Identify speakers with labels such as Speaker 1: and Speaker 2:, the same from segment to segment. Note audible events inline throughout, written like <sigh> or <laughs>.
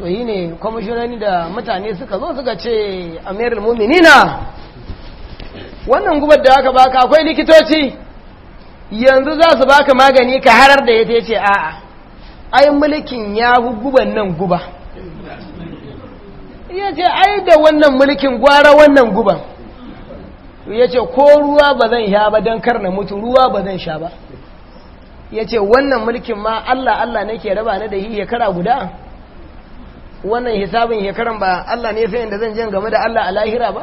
Speaker 1: to yi ne kwamishinani da mutane suka zo suka ce amirul muminina wannan gubar da aka baka akwai likitoci yanzu za su baka magani ka harar da ya ta ce a'a ai mulkin ya guban nan guba ya ce ai da wannan mulkin gwara wannan guban ya ce ko ruwa ba zan sha ba don kar na mutu ruwa ba zan sha ba ya ce wannan mulkin ma allah allah nake raba na da yi ya kara guda wannan hisabin shekaran ba Allah ne sai inda zan je game da Allah a lahira ba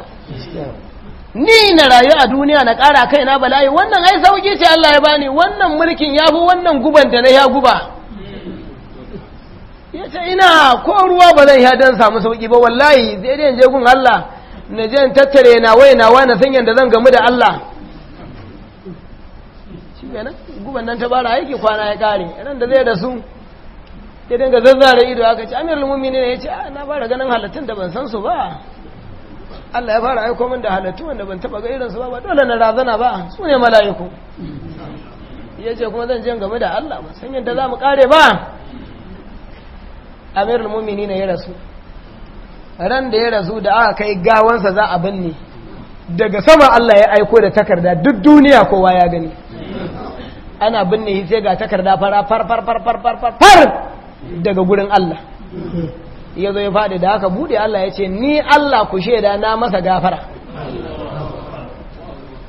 Speaker 1: ni na rayu a duniya na ƙara kai na bala'i wannan ai sauki ce Allah ya bani wannan mulkin ya fi wannan guban da na ya guba ya ce ina ko ruwa ba zan ya don samu sauki ba wallahi zai dai je gun Allah na je in tattare na wai na wa na san zan gamu da Allah shi kenan guban nan ta bara aiki kwana ya kare ran da zai da ya dinga zazzara ido aka ce amirul mu'minin ya ce ah, na fara ganin halattun da ban san su ba Allah ya fara aiko min da halattu wanda ban taba ga irin su ba ba dole na razana ba su ne mala'iku ya ce kuma zan je game da Allah ba san yadda za mu kare ba amirul mu'minin ya rasu ran da ya rasu da aka kai gawansa za a binne daga sama Allah ya aiko da takarda duk duniya kowa ya gani ana binne sai ga takarda fara far far far far far far daga gurin Allah ya zo ya faɗi da haka buɗe Allah ya ce ni Allah ku shaida na masa gafara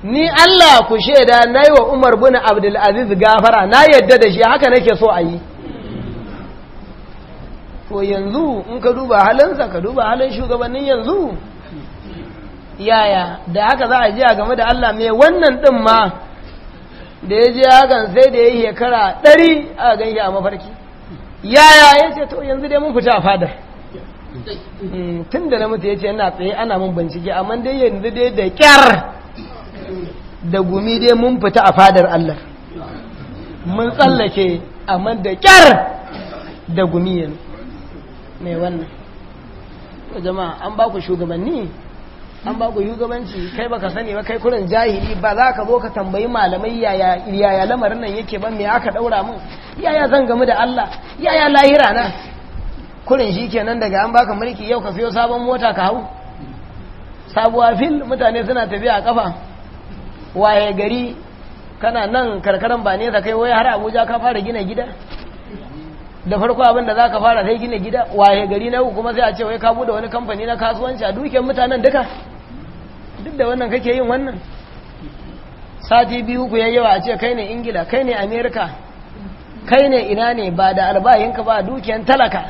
Speaker 1: ni Allah ku shaida na yi wa Umar bin Abdulaziz gafara na yadda da shi haka nake so a yi to yanzu in ka duba halinsa ka duba halin shugabannin yanzu yaya da haka za a ji a game da Allah mai wannan ɗin ma da ya je hakan sai da ya yi shekara ɗari a ganke a mafarki yaya ya ce to yanzu dai mun fita a fadar hmm, tun da na mutu ya ce yana tsaye ana mun bincike amma dai yanzu dai da kyar da gumi dai mun fita a fadar Allah mun tsallake amma da kyar da gumi yanzu mai wannan jama'a an ba ku shugabanni an ba ku shugabanci kai baka sani ba kai kurin jahili ba za ka zo ka tambayi malamai yaya yaya lamarin nan yake ba me aka daura mun yaya zan gamu da Allah yaya lahira na kurin shi kenan daga an baka mulki yau ka siyo sabon mota ka hau sabuwa fil mutane suna tafiya a kafa waye gari kana nan karkaran ba ne ta kai wai har Abuja ka fara gina gida da farko abin da za ka fara sai gina gida waye gari na uku kuma sai a ce wai ka bude wani kamfani na kasuwanci a dukiyar mutanen duka duk da wannan kake yin wannan sati biyu ku yayyawa a ce kai ne ingila kai ne amerika kai ne ina ne ba da albayinka ba dukiyar talaka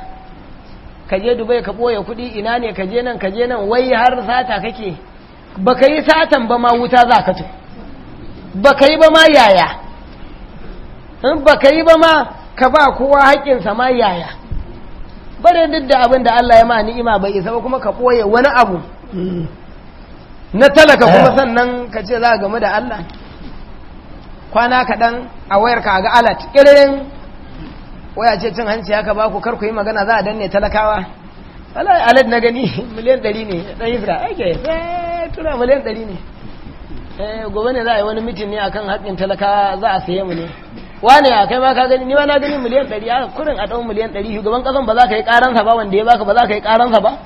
Speaker 1: ka je dubai ka boye kuɗi ina ne ka je nan ka je nan wai har sata kake ba ka yi satan ba ma wuta za ka to ba ka yi ba ma yaya in ba ka yi ba ma ka ba kowa haƙƙinsa ma yaya barin duk da abin da Allah ya ma ni'ima bai isa ba kuma ka ɓoye wani abu hmm. na talaka kuma eh. sannan ka ce za a game da Allah kwana kaɗan a wayar ka ga alat ƙiririn waya ce cin hanci ya ka ba ku karku yi magana za a danne talakawa alat na gani <laughs> miliyan ɗari ne ɗan Isra ake eh, tura miliyan ɗari ne eh, gobe ne za a yi wani mitin ne akan haƙƙin talakawa za a saye mu ne wane a kai ma ka gani ni ma na gani miliyan ɗari a kurin a ɗan miliyan ɗari shugaban ƙasan ba za ka yi ƙaransa ba wanda ya baka ba za ka yi ƙaransa ba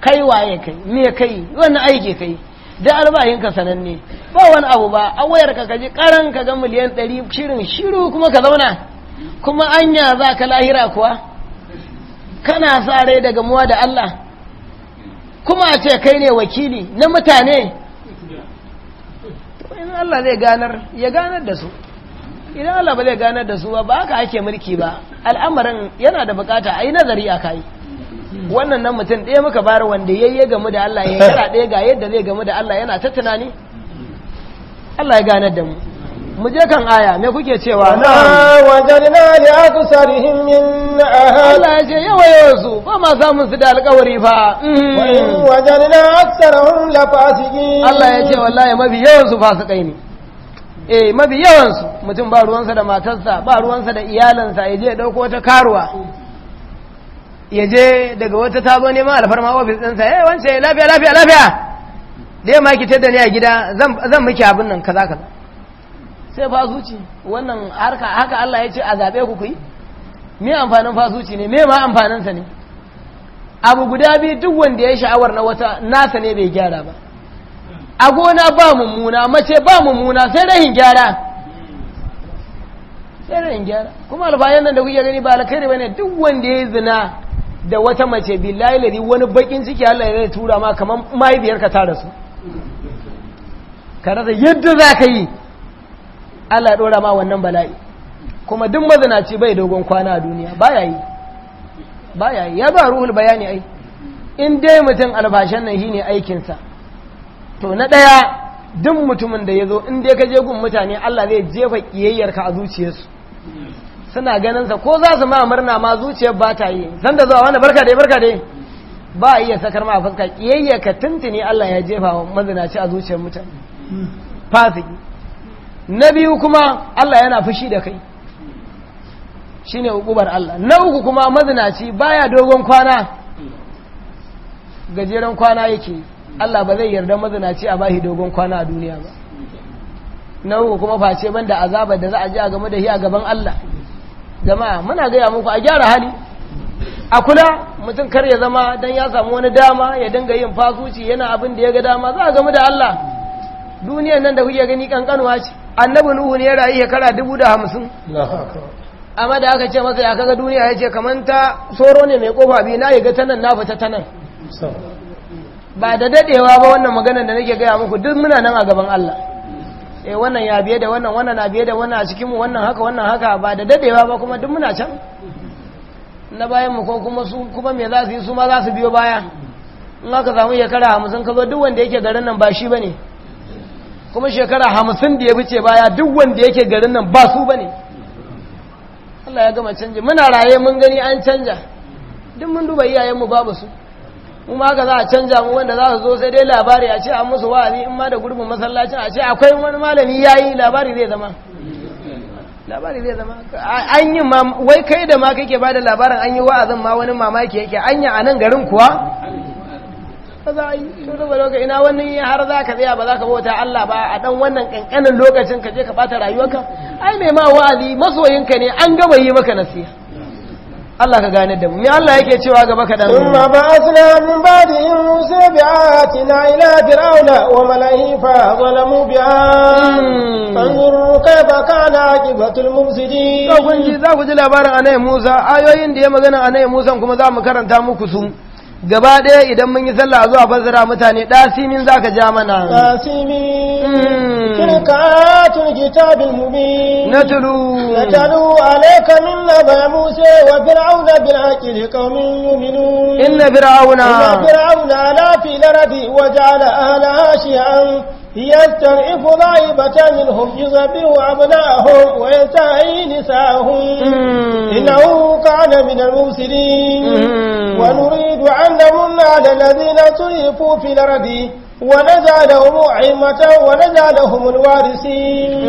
Speaker 1: kai waye kai me kai wani aiki kai da albahin sananne ba wani abu ba a wayar ka kaji karan ka ga miliyan ɗari shirin shiru kuma ka zauna kuma anya za ka lahira kuwa kana sa rai da gamuwa da Allah kuma a ce kai ne wakili na mutane Allah zai ganar ya ganar da su idan Allah ba zai ganar da su ba ba haka ake mulki ba al'amarin yana da bukata a yi nazari a kai wannan nan mutum ɗaya muka bayar wanda ya yi gamu da Allah ya yi kira ɗaya ga yadda zai gamu da Allah yana ta tunani Allah ya ganar da mu mu je kan aya me kuke cewa na wajadna li aksarihim min Allah ya ce yawa yanzu ba ma samun su da alƙawari fa wajadna aksarahum la fasiqin Allah ya ce wallahi mafi yawan su fasikai ne eh mafi yawansu mutum ba ruwansa da matarsa ba ruwansa da iyalansa ya je dauko wata karuwa ya je daga wata ta zo neman alfarma ofis ɗinsa ya eh, wance lafiya lafiya lafiya da ya maki da ni a gida zan miki abin nan kaza kaza sai fasuci wannan harka haka Allah ya ce a zaɓe ku kuyi me amfanin fasuci ne me ma amfaninsa ne abu guda biyu duk wanda ya sha'awar na wata nasa ne bai gyara ba a gona ba mummuna mace ba mummuna sai rahin gyara sai rahin gyara kuma alfayan nan da kuke gani ba alkhairi bane duk wanda ya zina da wata mace billahi ladi wani bakin ciki Allah ya tura ma kaman ka ta rasu ka rasa yadda za ka yi Allah ya dora ma wannan bala'i kuma duk mazinaci bai dogon kwana a duniya baya yi baya yi ya ba ruhul bayani ai in dai mutum albashan nan shine aikinsa to na ɗaya duk mutumin da ya zo in dai ka je gun mutane Allah zai jefa ka a zuciyarsu suna ganinsa ko za su ma murna ma zuciyar ba ta yi san da zuwa wanda barka dai barka dai ba a iya sakar ma a fuska ka tuntuni Allah ya jefa wa mazinaci a zuciyar mutane fasiki na biyu kuma Allah yana fushi da kai shine hukubar Allah na uku kuma mazinaci baya dogon kwana gajeren kwana yake yi Allah ba zai yarda mazinaci a bashi dogon kwana a duniya ba na uku kuma face banda azabar da za a ji a game da shi a gaban Allah jama'a muna gaya muku a gyara hali a kula mutum kar ya zama dan ya samu wani dama ya dinga yin fasuci yana abin da ya ga dama za a gamu da Allah duniyar nan da kuke gani kankanuwa ce annabi nuhu ne ya rayu shekara dubu da hamsin amma da aka ce masa ya kaga duniya ya ce kamar ta soro ne mai kofa biyu na ya ga ta na fita tanan. ba da dadewa ba wannan maganar da nake gaya muku duk muna nan a gaban Allah eh wannan ya biye da wannan wannan na biye da wannan a cikin mu wannan haka wannan haka ba da dadewa ba kuma duk muna can na bayan mu ko kuma su kuma me za su yi su ma za su biyo baya in aka samu shekara hamsin ka zo duk wanda yake garin nan ba shi ba ne kuma shekara hamsin da ya wuce baya duk wanda yake garin nan ba su ba ne Allah ya gama canji muna raye mun gani an canja duk mun duba iyayenmu babu su kuma haka za a canja mu wanda za su zo sai dai labari a ce an musu wa'azi in ma da gurbin masallacin a ce akwai wani malami yayi labari zai zama labari zai zama an yi wai kai da ma kake bada labarin an yi wa'azin ma wani mamaki yake yi a nan garin kuwa ba za a yi shuru ba lokaci ina wani har za ka tsaya ba za ka bauta Allah ba a dan wannan kankanin lokacin ka je ka bata rayuwarka ai mai ma wa'azi masoyinka ne an gaba yi maka nasiha Allah ka gane da mu me Allah yake cewa gaba ka dan umma ba'athna min ba'dihi musa bi'atina ila fir'auna wa mala'ihi fa zalamu bi'a hmm. fanzur kaifa kana al mufsidin to kun ji za ku ji labarin anai Musa ayoyin da ya magana anai Musa kuma za mu karanta muku su gaba ɗaya idan mun yi sallah zuwa fassara mutane ɗasimin za ka ja mana hmm. na tulu na tulu alaika min na bai musa wa fir'auna bil aqili qaumin yu'minun inna fir'auna inna fir'auna la fi lardi wa ja'ala ahla shi'an يسترعف ضعيفة منهم يذبح أبناءهم ويستحيي نساءهم إنه كان من المفسدين ونريد أن نمن على الذين سرفوا في الأرض ونجعلهم أئمة ونجعلهم الوارثين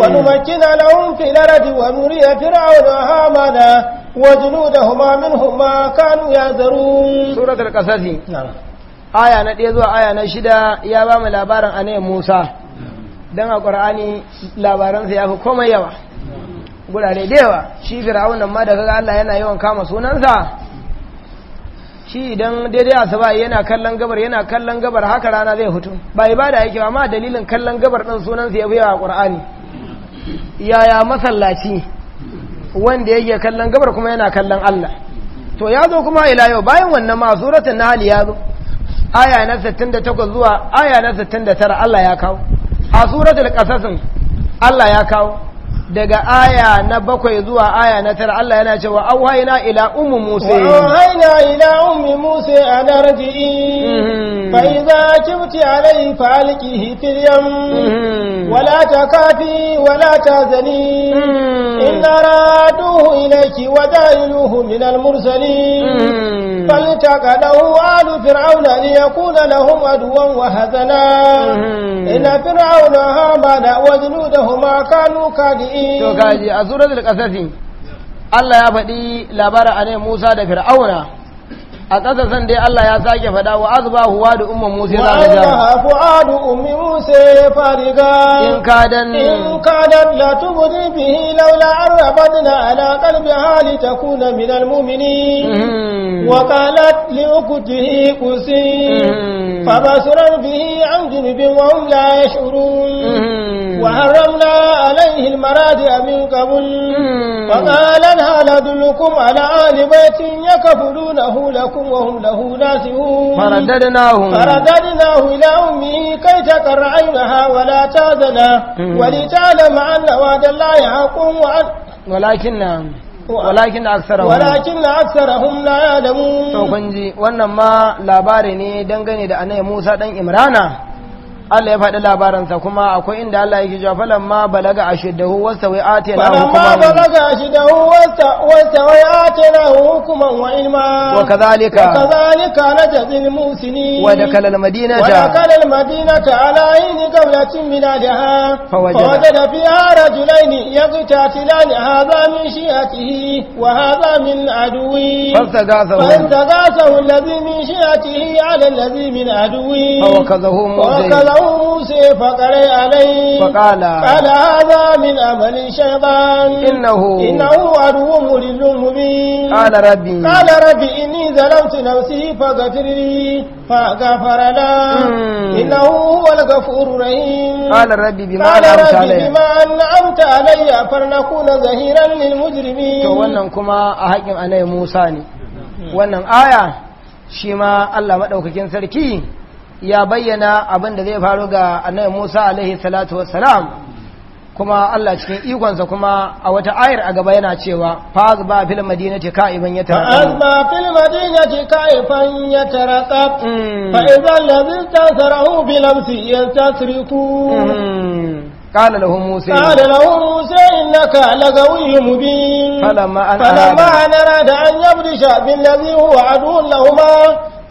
Speaker 1: ونمكن لهم في الأرض ونري فرعون هامانا وجنودهما منهم ما كانوا يذرون سورة القصص نعم aya na ɗaya zuwa aya na shida ya ba mu labarin anayin musa don a ƙwar'ani labaransa ya fi komai yawa gurare da yawa shi nan ma da kaga Allah yana yawan kama sunansa shi idan daidai saba yana kallon gabar yana kallon gabar haka rana zai hutu ba ibada yake ba amma dalilin kallon gabar ɗin sunansa ya fi yawa a ƙwar'ani yaya masallaci wanda yake kallon gabar kuma yana kallon Allah to ya zo kuma ila yau bayan wannan ma suratul nahl ya zo aya na 68 zuwa aya na 69 Allah ya kawo a suratul qasasin Allah ya kawo daga aya na bakwai zuwa aya na tara Allah yana cewa auhaina ila ummu Musa auhaina ila ummi Musa an arji'i mm-hmm. fa idza kibti alayhi falqihi fil yam mm-hmm. ولا تكافي ولا تزني إن رادوه إليك وذائلوه من المرسلين فالتقده آل فرعون ليكون لهم أدوا وهزنا إن فرعون هامان وجنودهما كانوا كادئين سورة القصص الله يبدي لبرأ موسى da Fir'auna a ƙasa san dai Allah ya sake faɗa wa azba huwa da umma Musa za ga jama wa fuadu ummi Musa fariga in kadan in kadan la tubdi bihi laula arabadna ala qalbi hali takuna min almu'minin hmm. wa qalat li uktihi qusi hmm. fabasara bihi an junubin wa hum la وحرمنا عليه المراجع من قبل فقال هل أدلكم على أهل بيت يكفلونه لكم وهم له ناسئون فرددناه فرددناه إلى أمه كي تقر عينها ولا تاذنا ولتعلم أن وعد الله حق وعد ولكن walakin aksarahum walakin aksarahum la ya'lamun to kun ji wannan ma labari ne dangane da annabi Musa dan Imrana Allah ya faɗi labaransa kuma akwai inda Allah yake cewa falan ma balaga ashiddahu wasta wai atina hukuman falan ma balaga ashiddahu wasta wasta wai atina hukuman wa ilma wa kadhalika wa kadhalika najzil musini wa dakala al madinata wa dakala al madinata ala ayni qawlatin min ahliha fa wajada fiha rajulaini yaqtatilan hadha min shi'atihi wa hadha min aduwi fastaghathahu fastaghathahu alladhi min shi'atihi ala alladhi min aduwi fa wakazahu sai faƙare alai faƙala ala za min amalin shaiban innahu innahu aduwwu murillun mubin qala rabbi qala rabbi inni zalamtu nafsi faghfirli faghfara la innahu wal ghafurur rahim qala rabbi bima an'amta alayya bima an'amta alayya farnakuna zahiran lil mujrimin to wannan kuma a haƙin anai musa ne wannan aya shi ma Allah madaukakin sarki ya bayyana abin da zai faru ga annabi Musa alaihi salatu wassalam kuma Allah cikin ikonsa kuma a wata ayar a gaba yana cewa faz ba fil madinati ka'iban yatarqab faz ba fil madinati ka'iban yatarqab mm. fa idza allazi tasarahu bil amsi yastasriku قال له موسى قال له موسى إنك لغوي مبين فلما أن أراد أن يبرش بالذي هو عدو لهما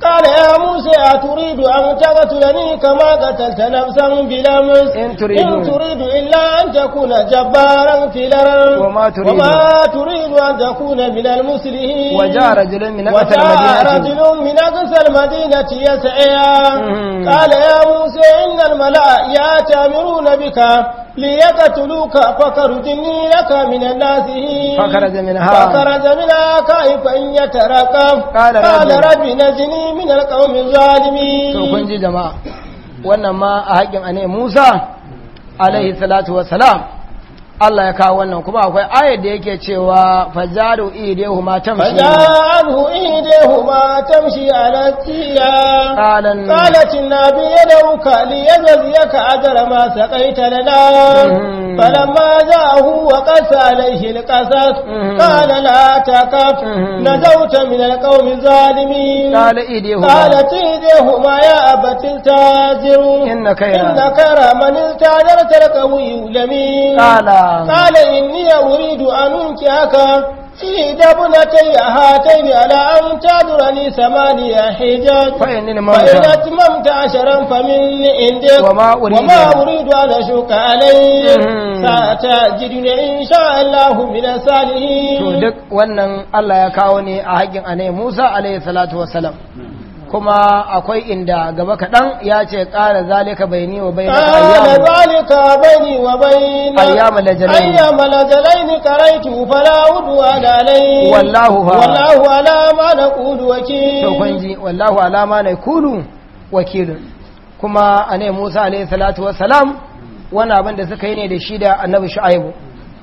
Speaker 1: قال يا موسى أتريد أن تقتلني كما قتلت نفسا بلا مس إن تريد, إن تريد إلا أن تكون جبارا في الأرض وما تريد, وما تريد أن تكون من المسلمين وجاء رجل من أقصى المدينة رجل من أقصى المدينة يسعى قال يا موسى إن الملأ يأتمرون بك ليقتلوك فخرجني لك من الناس فخرج منها فخرج منها خائفا يترقب قال, قال رب نجني من القوم الظالمين to kun ji jama'a wannan ma a haƙin ane Musa alaihi salatu wassalam Allah ya kawo wannan kuma akwai ayar da yake cewa fajaru ma tamshi fajaru ma tamshi ala tiya qalan qalat nabi yadauka li yajziyaka ajra ma saqaita lana hmm. falamma ja'ahu wa qasa alayhi alqasas hmm. qala la taqaf hmm. najawta min alqawmi zalimin qala idehu qalat idehu ma ya abati tajir innaka ya innaka man tajir alqawi lamin qala Ƙala inni ya wuri du’anun ki haka, fi idabu na ta yi a hata yi ala’an ta dura ni sama da ya hijau, fa’in ni ma’aikata. Fa’in ni ni ma’aikata. Fa’in ni ma’aikata. Fa’in ni ma’aikata. Fa’in ni ma’aikata. Fa’in ni ma’aikata. Fa’in ni ma’aikata. Fa’in ni ma’aikata. Fa’in ni ma’aikata. Fa’in ni ni ma’aikata. Fa’in ni ma’aikata. Fa’in ni ma’aikata. Fa’in ni kuma akwai inda gaba kaɗan ya ce ƙara zalika bai ni wa bai na ayyamu zalika bai ni wa bai na ayyamu lajalai ayyamu lajalai ni wallahu alama na kudu wakil to wallahu alama na kudu wakilun kuma a ne musa alaihi salatu wassalam wani abin da suka yi ne da shi da annabi shu'aibu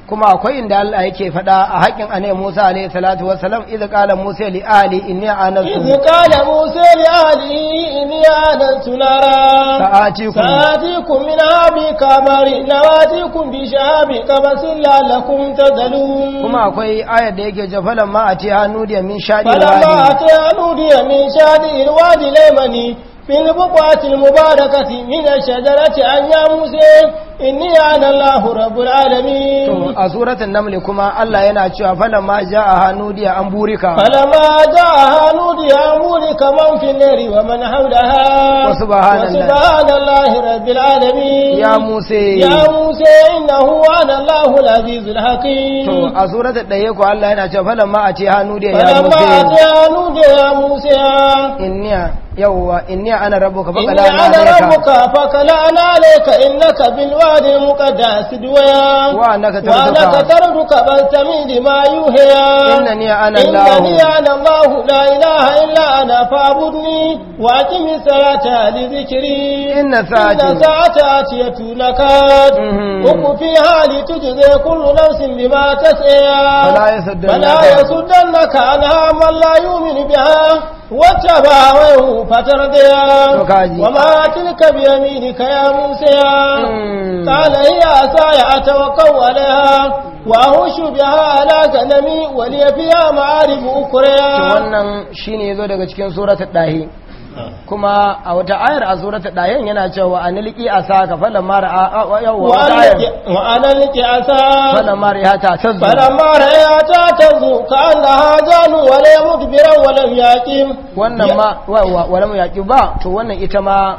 Speaker 1: kuma akwai inda Allah yake faɗa a haƙin anai Musa alayhi salatu salam idza qala Musa li ahli inni anastu idza qala Musa li ahli inni anastu nara sa'atikum sa'atikum min abi kamari nawatikum bi shabi kabasin lakum tadalun kuma akwai ayar da yake jafalan ma a ce hannu min shadi wadi falamma a ce hannu min shadi alwadi laimani filibukwatin mubarakati min ashajarati an ya muse inni ya na Allahu rabbul alami a suratul naml kuma Allah yana cewa falan ma jaa hanudiya an burika falan ma jaa hanudiya an burika man fil nari wa man hawlaha subhanallahi rabbil alami ya muse ya muse innahu ana Allahu alazizul hakim a suratul daye Allah yana cewa falan ma a ce hanudiya ya muse falan ma jaa hanudiya ya muse inni yawwa inni ana rabbuka fa kala ana rabbuka fa kala ana alayka innaka bil wadi muqaddas duwa wa ka tarduka wa annaka tarduka bal tamidi ma yuhiya innani ana allah innani ana allah la ilaha illa ana fa'budni wa aqimi sarata li zikiri. inna sa'ati inna sa'ati atiyatu lakat mhm. ukfi hali tujzi kullu nafsin bima tas'a fala yasuddannaka anha man layu min biya. واتبعوا فترديا وما تلك بيمينك يا موسى قال هي عصاي اتوكا عليها واهش بها على غنمي ولي فيها معارف اخرى wannan shine yazo daga cikin suratul dahi kuma a wata ayar a surata ɗayan yana cewa analiki asaka falamma ra'a wa analiki asaka falamma ra'a ta tazu falamma ra'a ta tazu kana hajanu wa la mutu biran rawalam yaƙi. wannan ma wa mu yaƙi ba to wannan ita ma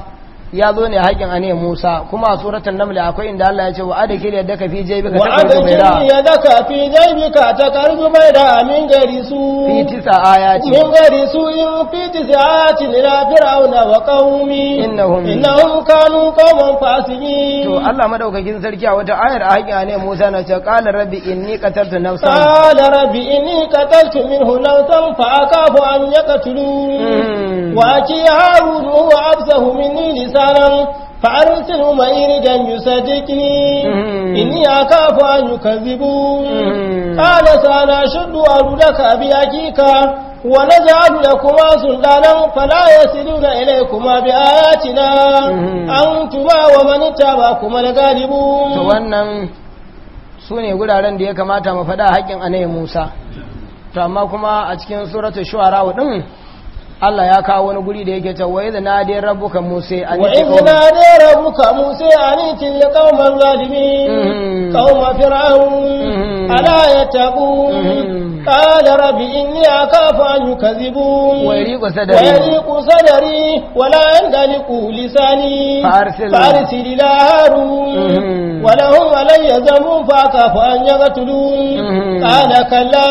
Speaker 1: ya zo ne haƙin ane Musa kuma a suratul naml akwai inda Allah ya ce wa adakil yadaka fi ka ta karbu da. wa adakil yadaka fi jaybika ta karbu bayda min gari su fi tisa ayati min gari su in fi tisa ayati ila fir'auna wa qaumi innahum innahum kanu qauman fasiqin to Allah madaukakin sarki a wata ayar a haƙin ane Musa na ce qala rabbi inni qataltu nafsan qala rabbi inni qataltu minhu nafsan fa aka akafu an yaqtulu hmm. wa ki harun huwa absahu minni lisan salam fa’arusin umarni don yusajikini in yi aka fa’an yi kazibu ƙada sana shudu a ruda ka bi akika wane za a ruda kuma sundanan falaye su duna ile kuma bi a yaci na an tuba wa manita ba kuma da galibu wannan su ne guraren da ya kamata mu haƙin a ne musa ta amma kuma a cikin suratun shuwarawa ɗin Allah ya kawo wani guri da yake wai idza nadi rabuka musa an wa idza nadi rabuka musa an ti qauman zalimin mm-hmm. qauma fir'aun mm-hmm. ala yattaqun mm-hmm. qala rabbi inni akhafu an yukadhibun wa yariqu sadri wa yariqu sadri wa la yandaliqu lisani farsil ila harun Wala lahum alayya zamun fa akhafu an yaqtulun qala kalla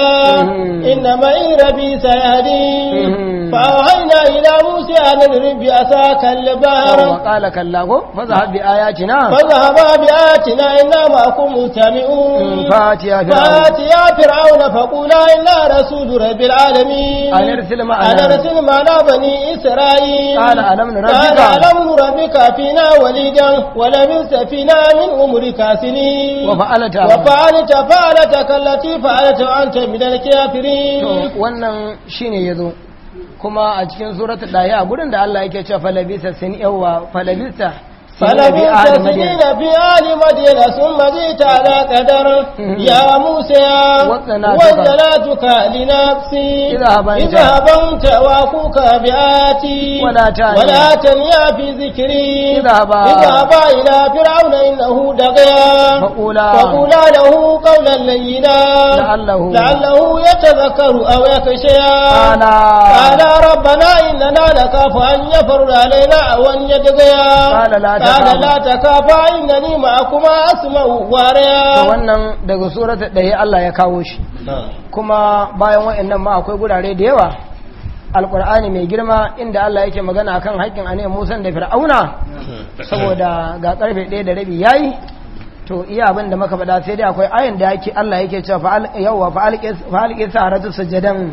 Speaker 1: inna ma'i rabbi sayadin فأوحينا إلى موسى أن اضرب بعصاك البحر وقال كلا فذهب بآياتنا فذهبا بآياتنا إنا معكم مستمعون فأتيا فرعون فأتيا فرعون فقولا إنا رسول رب العالمين أن أرسل معنا أن أرسل معنا بني إسرائيل قال ألم نربك قال ألم نربك فينا وليدا ولبثت فينا من عمرك سنين وفعلت وفعلت فعلتك التي فعلت وأنت من الكافرين wannan shine yazo kuma a cikin suratu ɗaya a gurin da Allah yake cewa falabisa sin yawa falabisa فلبثت سنين في آل مدينة ثم جئت على قدر يا موسى وجلاتك لنفسي اذهب أنت وأخوك بآتي ولا تنيا في ذكري اذهبا إلى فرعون إنه دغيا فقولا له قولا لينا لعله يتذكر أو يخشيا قال ربنا إننا نخاف أن يفر علينا وأن يدغيا kada la ni ma kuma asma'u wa to wannan daga surata ɗaya Allah ya kawo shi kuma bayan wayannan ma akwai gurare da yawa alkur'ani mai girma inda Allah yake magana akan haƙƙin ane Musa da Fir'auna hmm. saboda ga karfe 1 da rabi yayi to iya abin da muka faɗa sai dai akwai ayin da yake Allah yake cewa fa'al yawa fa'al fa'al <coughs> saratu sujadan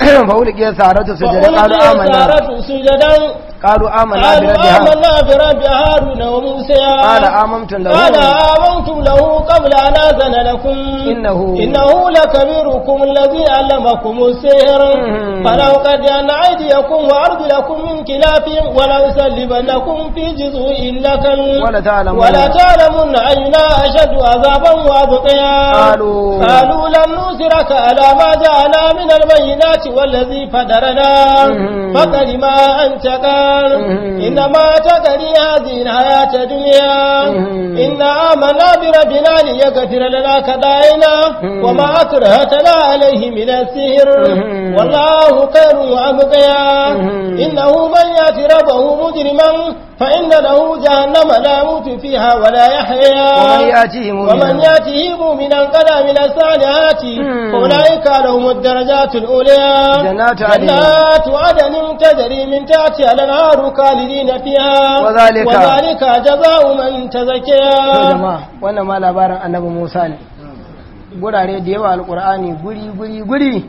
Speaker 1: fa'ul saratu sujadan qalu amanna sujadan قالوا آمنا برب هارون آمنا برب هارون وموسى قال آمنتم له قال آمنتم له قبل أن آذن لكم إنه إنه لكبيركم الذي علمكم السحر فلو قد أن أيديكم وأرجلكم من خلاف ولأسلبنكم في جذوع النخل ولتعلمن ولتعلمن أينا أشد عذابا وأبقيا قالوا قالوا لن نؤثرك على ما جاءنا من البينات والذي فدرنا فقد ما أنت قال إنما تدري هذه الحياة الدنيا إنا آمنا بربنا ليغفر لنا كدائنا وما أكرهتنا عليه من السحر والله خير يعمقيا إنه من يأتي ربه مجرما فإن له جهنم لا يموت فيها ولا يحيا ومن يأته مؤمنا ومن يأته مؤمنا قد من الصالحات أولئك لهم الدرجات الأولى جنات عدن جنات عدن تجري من تحتها الأنهار خالدين فيها وذلك وذلك جزاء من تزكى wannan ma labarin annabi Musa ne gurare da yawa alkur'ani guri guri guri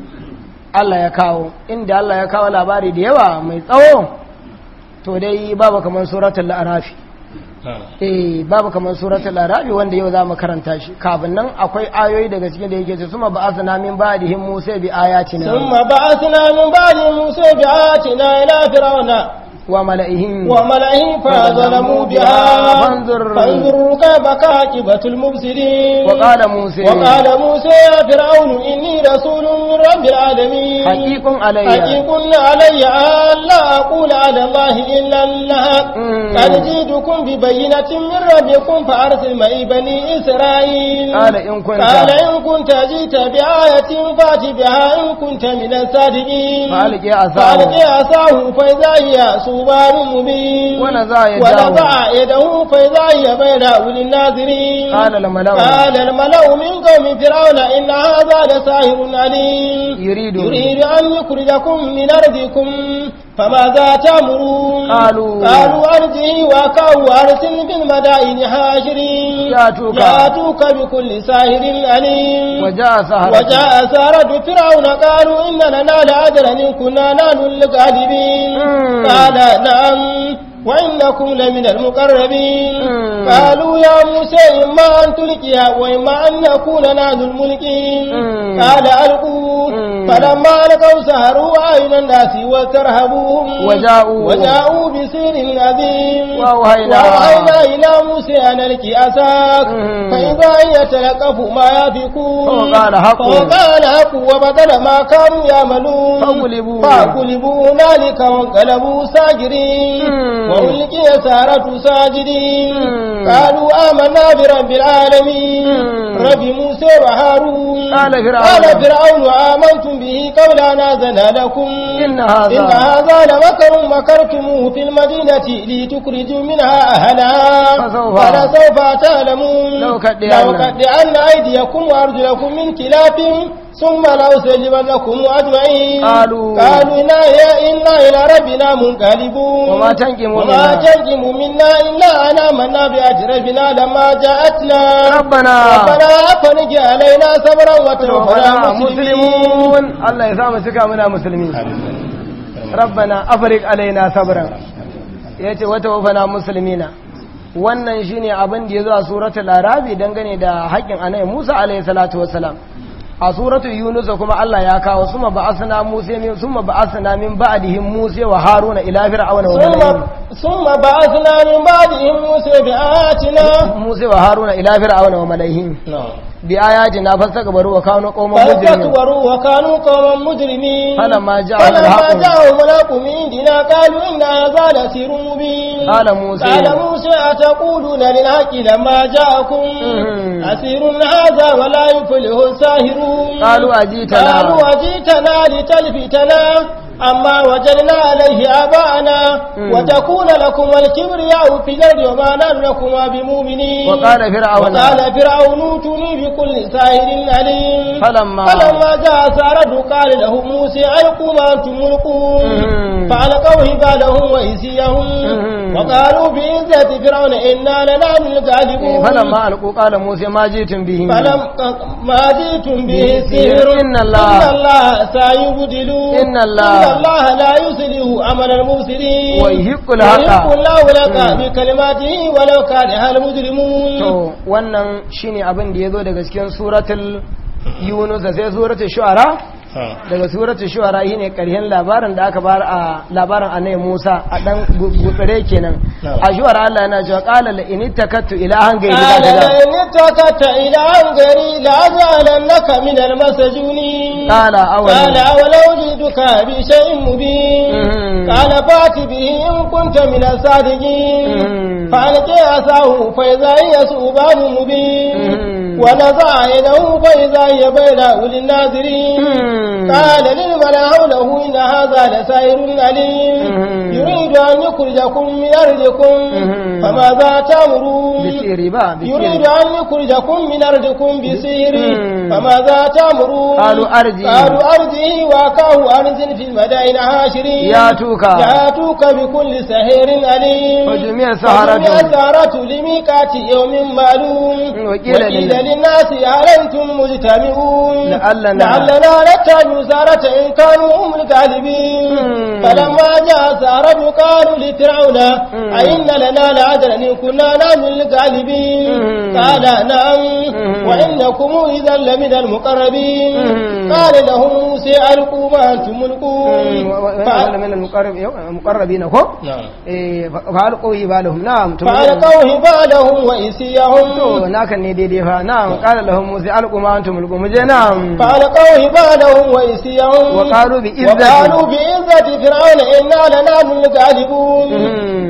Speaker 1: Allah ya kawo inda Allah ya kawo labari da yawa mai tsawo to dai babu kamar suratul arafi eh babu kamar suratul arafi wanda yau zamu karanta shi kafin nan akwai ayoyi daga cikin da yake ce suma ba'athna min ba'dihim musa bi ayatina summa ba'athna min ba'dihim musa bi ayatina ila fir'auna wa mala'ihim wa mala'ihim fa zalamu biha fanzur fanzur kayfa kaqibatul mufsidin wa qala musa wa qala musa ya fir'aun inni rasulun rabbil alamin haqiqun alayya haqiqun alayya la aqulu ala allahi illa allah arjidukum bi bayyinatin min rabbikum fa arsil ma'i bani isra'il qala in kunta qala in kunta jita bi ayatin fati biha in kunta min as-sadiqin falqi asahu falqi asahu fa idha hiya subarun mubin wa nadha yadahu wa nadha yadahu fa idha hiya bayna ulil nazirin qala al-mala'u qala al-mala'u min qawmi fir'auna inna هذا لساهر عليم يريد يريد أن يخرجكم من أرضكم فماذا تأمرون قالوا قالوا أرجه وأخاه وأرسل في المدائن حاشرين يأتوك يأتوك بكل ساهر عليم وجاء سهرة وجاء سهرة فرعون قالوا إننا لأجرا إن كنا نحن الغالبين قال نعم وإنكم لمن المقربين قالوا يا موسى إما أن تلقيها وإما أن نكون نحن الملكين قال ألقوا فلما لقوا سهروا أعين الناس وترهبوهم وجاءوا وجاءوا بسير عظيم وأوهينا إلى موسى أن ألك أساك فإذا هي تلقف ما يفكون فقال حق وبدل ما كانوا يعملون فغلبوا هنالك وانقلبوا ساجرين وألقي سهرة ساجدين قالوا آمنا برب العالمين رب موسى وهارون قال فرعون آمنتم جئتكم به قبل أن أذن لكم إن هذا, إن هذا لمكر مكرتموه في المدينة لتخرجوا منها أهلها فلسوف تعلمون لو قد أن أيديكم وأرجلكم من كلاف ثم لأسجبنكم أجمعين قالوا قالوا إنا إنا إلى ربنا منقلبون وما تنقم وما تنقم منا إلا أن آمنا بأجربنا لما جاءتنا ربنا ربنا أفرج علينا صبرا وتوفنا مسلمون الله يسامح سكا منا مسلمين ربنا أفرج علينا صبرا yace wata wafana musulmina wannan shine abin da ya zo a suratul arabi dangane da haƙin annabi Musa Alayhi salatu wassalam a suratu yunus kuma Allah ya kawo suma ba'athna musa min suma ba'athna min ba'dihim musa wa haruna ila fir'auna wa mala'ihi summa ba'athna min ba'dihim musa bi'atina musa wa haruna ila fir'auna wa mala'ihi na'am Biyayatin na faɗi saƙa ɓaruwa kanu ƙauman mudurumi. Ƙarfatu ɓaruwa kanu ƙauman mudurumi. Kala ma ji a'una haƙuri. Kala ma ji a'una haƙuri. Me idina kalu in na zan asirin mu bi? Kala Musa. Kala Musa ya taƙudu na yi haƙi da maji a kunu. wa layufa lihon shahiru. Kalu ajiye ta na. Kalu amma wajarna alaihi abana wa takuna lakum al-kibriyau fi al-ardi wa ma nahnu lakum bimumini wa qala fir'aun qala fir'aun utuni bi kulli sahirin alim falamma falamma jaa saradu qala lahu musa alqu ma tumulqun fa alqaw hibalahum wa isiyahum wa qalu bi izati fir'auna inna lana min al-ghalibun falamma alqu qala musa ma jitum bihim falamma ma jitum bihi sihrun inna allaha sayubdilu inna allaha الله لا يصلح عمل المفسدين ويحق الحق الله لك بكلماته ولو كره المجرمون to wannan shine abin da ya zo daga cikin suratun Yunusa, sai suratul shu'ara daga suratul shu'ara ne karyan labarin da aka bar a labarin nai Musa a dan gutsare kenan a shu'ara Allah yana cewa qala la in takattu ilahan gairi la ilaha in takattu ilahan gairi la azalannaka min al masajuni qala aw kala aw law duka bi shay'in mubin kala mm-hmm. fati bihi in kunta min as sadiqin mm-hmm. fa alqa asahu fa idha hiya subhanun mubin mm-hmm. ونزع يده فإذا هي بينه للناظرين قال للملأ حوله إن هذا لسائر عليم يريد أن يخرجكم من أرضكم فماذا تأمرون يريد أن يخرجكم من أرضكم بسحر فماذا تأمرون قالوا أرجه قالوا أرجه وأخاه أنزل في المدائن عاشرين يأتوك يأتوك بكل سحر عليم فجميع السحرة لميقات يوم معلوم وقيل للناس هل أنتم مجتمعون لعلنا, لعلنا نتبع سارة إن كانوا هم الكاذبين فلما جاء سارة قالوا لفرعون أئن لنا لعجرا إن كنا نحن الكاذبين قال نعم وإنكم إذا لمن المقربين قال لهم موسى ألقوا ما أنتم ملقون من المقربين هو نعم إيه، فألقوا هبالهم نعم فألقوا هبالهم وإسيهم ناكن ديدي فأنا نعم قال لهم موسى ألقوا ما أنتم ألقوا مجي نعم فألقوا هبالهم وإسيهم وقالوا بإذة وقالوا بإذة فرعون إنا لنحن الغالبون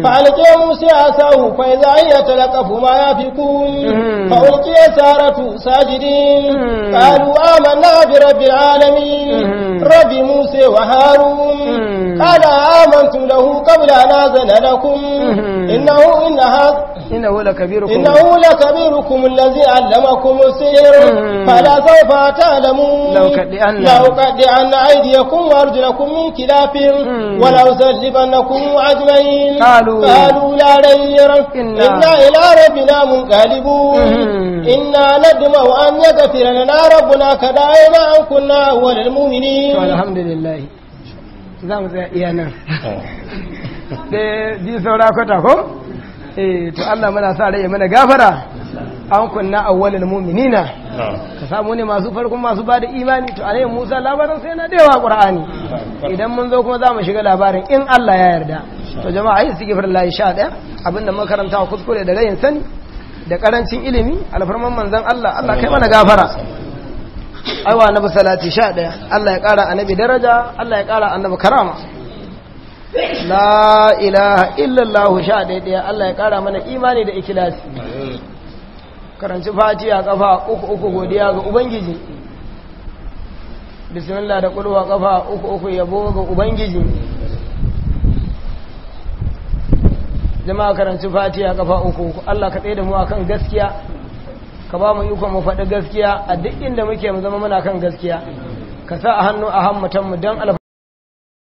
Speaker 1: فألقي موسى عصاه فإذا هي تلقف ما يفكون فألقي سارة ساجدين قالوا آمنا برب العالمين رب موسى وهارون قال آمنتم له قبل أن آذن لكم إنه إن هذا inna hula kabiru kuma inna hula kabiru kuma lazi allama kuma sihir fala sau fata da mu laukaɗi an na aiki ya kuma arjuna kuma kilafin wala na kuma ajiyayin kalu larai yaran inna ilara bina mun galibu inna na duma wa ya gafira na na rabu na kada ya ma an kunna wadda mumini alhamdulillah za mu tsaya iya nan da yi saura ko eh to Allah muna sa rai mana gafara an kunna awwalul mu'minina ka samu ne masu farkon masu bada imani to alayhi Musa labarin sai na dewa Qur'ani idan mun zo kuma zamu mu shiga labarin in Allah ya yarda to jama'a ai gifar Allah sha ɗaya, abinda makaranta kuskure da rayin sani da karancin ilimi alfarman manzon Allah Allah kai mana gafara aiwa annabi salati sha ɗaya. Allah ya kara annabi daraja Allah ya kara annabi karama la ilaha illallah sha daidaya Allah ya kara mana imani da ikilasi karanci fatiya kafa uku uku godiya ga ubangiji bismillah da kulwa kafa uku uku yabo ga ubangiji jama'a karanci fatiya kafa uku uku Allah ka tsaye da mu akan gaskiya ka ba mu iko mu faɗi gaskiya a duk inda muke mu zama muna kan gaskiya ka sa a hannu a hammatan mu don